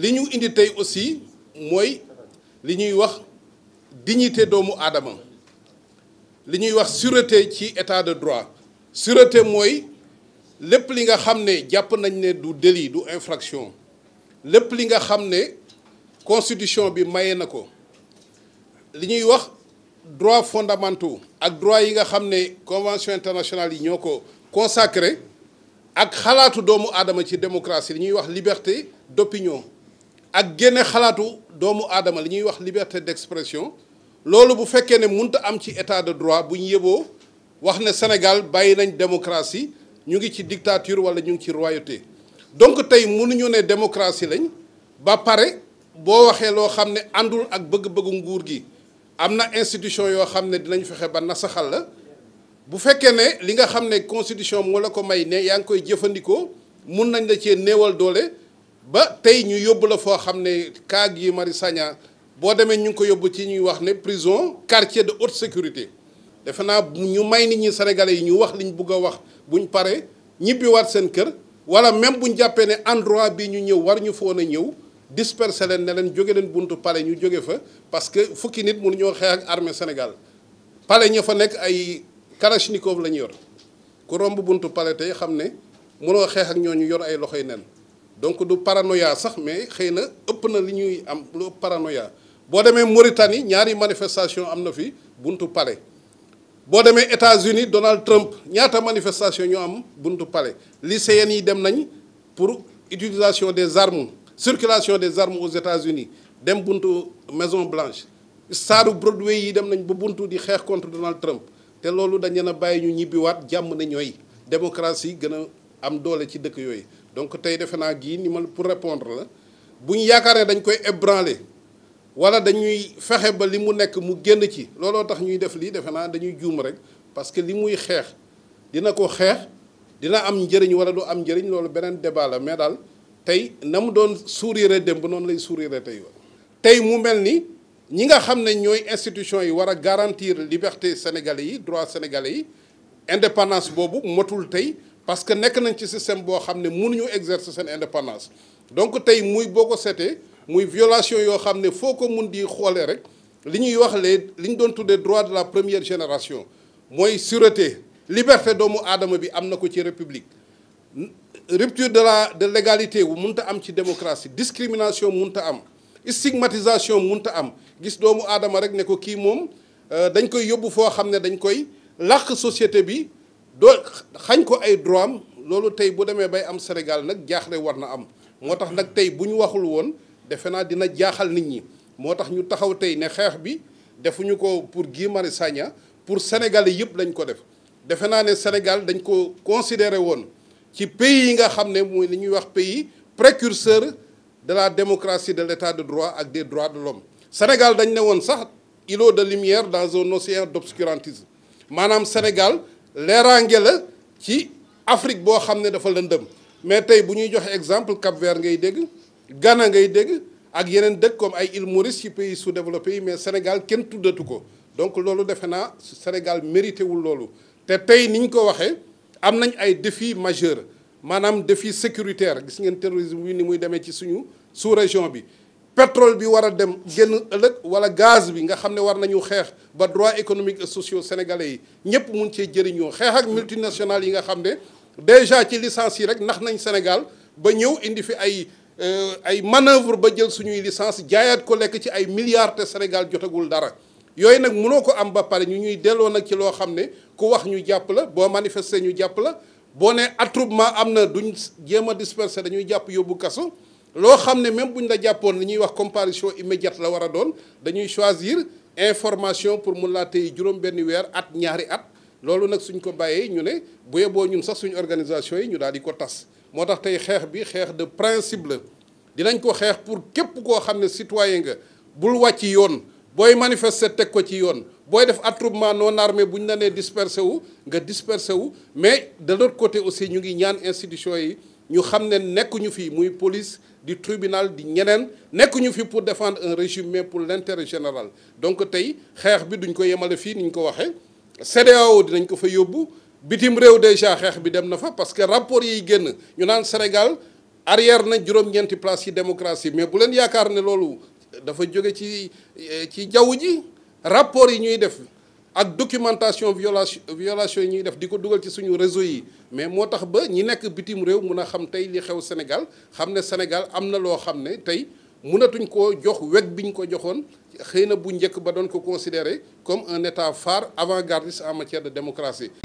liñu indi tay aussi moy liñuy wax dignité doomu adama liñuy wax sûreté ci état de droit sûreté moy lepp li nga xamné japp nañ né du délit du infraction lepp li nga xamné constitution bi mayé nako liñuy wax droits fondamentaux ak droit yi nga xamné convention internationale yi ñoko consacrer consacré ak xalaatu doomu adama ci démocratie liñuy wax liberté d'opinion ak génne xalaatu doomu aadama li ñuy wax liberté d'expression loolu bu fekkee ne munta am ci état de droit bu ñu yeboo wax ne Sénégal bàyyi nañ démocratie ñu ngi ci dictature wala ñu ngi ci royauté donc tey mënuñu ne démocratie lañ ba pare boo waxee loo xam ne àndul ak bëgg-bëggu nguur gi am na institution yoo xam ne dinañ fexe ba nasaxal la bu fekkee ne li nga xam ne constitution moo la ko may ne yaa ngi koy jëfandikoo mun nañ la ci néewal doole ba tey ñu yóbbu la foo xam ne cas Guy Marius Sagna boo demee ñu ngi ko yóbbu ci ñuy wax ne prison quartier de haute sécurité defe naa ñu may nit ñi sénégalais yi ñu wax liñ bugg a wax buñ paree ñibbiwaat seen kër wala même buñ jàppee ne endroit bi ñu ñëw war ñu foon a ñëw disperser leen ne leen jóge leen buntu pare ñu jóge fa parce que fukki nit mu mënu ñoo xeex ak armée Sénégal palais ña fa nekk ay kalachnikov la ñu yor ku romb buntu pare tey xam ne mënoo xeex ak ñooñu yor ay loxoy nen donc du paranoïa sax mais xëy na ëpp na li ñuy am lu ëpp paranoïa boo demee Mauritanie ñaari manifestation am fi buntu palais boo demee États-Unis Donald Trump ñaata manifestation ñoo am buntu palais Les yi dem nañ pour utilisation des armes circulation des armes aux États-Unis dem buntu Maison Blanche stade Broadway yi dem nañ buntu di xeex contre Donald Trump c'est ce dañ leen a bàyyi ñu ñibbiwaat na démocratie gën a am doole ci dëkk donc tay defe ni mal pour répondre la on dañ koy ébranler wala dañuy fexé ba li nek mu génn ci lolo tax ñuy def dañuy rek parce que limuy xex dina ko xex dina am njëriñ wala du am njëriñ lolu benen débat la mais dal tay nam doon sourire démb non lay sourire mu institution yi wara garantir liberté sénégalais yi droit sénégalais yi indépendance bobu motul parce que nek nañ ci système bo xamné ne mënuñu exercer sen indépendance donc tay muy boko ko muy violation yo xamné foko foo di xolé rek liñuy wax lé liñ doon tuddé droit de la première génération moy sûreté liberté doomu Adam bi amna ko ci république rupture de la de l'égalité wu ta am ci démocratie discrimination ta am stigmatisation ta am gis doomu aadama rek ne ko ki mom euh, dañ koy yobbu fo xamné dañ koy làq société bi xañ ko ay droit am loolu tey bu demee bay am Sénégal nag jaaxle war na am moo tax nag tey bu ñu waxul woon defe naa dina jaaxal nit ñi moo tax ñu taxaw tey ne xeex bi defuñu ko pour Guy Marius Sagna pour sénégalais yëpp lañ ko def defe naa ne Sénégal dañ ko considéré woon ci pays yi nga xam ne mooy li ñuy wax pays précurseur de la démocratie de l'état de droit ak des droits de l'homme Sénégal dañ ne woon sax îlot de lumière dans un océan d'obscurantisme maanaam Sénégal leeraange la ci Afrique boo xam ne dafa lëndëm mais tey bu ñuy joxee exemple Cap-Vert ngay dégg Ghana ngay dégg ak yeneen dëkk comme ay îles Maurice ci pays sous-développé yi mais Sénégal kenn tuddatu ko donc loolu defe naa Sénégal mérité wul loolu te tey ni ñu ko waxee am nañ ay défis majeurs maanaam défi sécuritaire gis ngeen terrorisme bi ni muy demee ci suñu sous-région bi pétrole bi war a dem génn ëllëg wala gaz bi nga xam ne war nañu xeex ba droit économique et sociaux sénégalais yi ñëpp mun cee jëriñoo xeex ak multinationales yi nga xam ne déjà ci licence yi rek ndax nañ Sénégal ba ñëw indi fi ay euh, ay manœuvre ba jël suñuy licence jaayaat ko lekk ci ay milliards Sénégal jotagul dara yooyu nag munoo ko am ba pare ñu ñuy delloo nag ci loo xam ne ku wax ñu jàpp la boo manifester ñu jàpp la boo ne attroupement am na duñ jéem a disperser dañuy jàpp yóbbu kaso lo xamné même buñ la jàppoon ni wax comparution immédiate la wara a doon dañuy choisir information pour mun la tay juroom benn wèr at ñaari at loolu nak suñ ko bayé ñu ne bu yeboo ñun sax suñ organisation yi ñu dal di ko tass motax tay xex bi xex de principe la dinañ ko xex pour képp ko xamné citoyen nga bul wàcc yoon boy manifester teg ko ci yoon boy def attroupement non armé buñ ñu la nee dispersé wu nga dispersé wu mais de l'autre côté aussi ñu ngi ñaan institution yi nous sommes ne nekkuñu fi police du tribunal di ne nekkuñu pour défendre un régime mais pour l'intérêt général donc tey nous bi duñ ko nous avons ko nous déjà bi dem na fa parce que rapport yi génn ñu Sénégal arrière na juroom la place ci démocratie mais bu len yaakaar ne dafa ci eh, ci rapport yi ñuy def ak documentation violation violation yi ñuy def diko duggal ci suñu réseau yi mais motax ba ñi nek bitim rew mëna xam tay li xew Sénégal xamné Sénégal amna lo xamné tay tey mënatuñ koo jox wèg biñ ko joxone xeyna na bu njëkk ba doon ko considérer comme un état phare avant-gardiste en matière de démocratie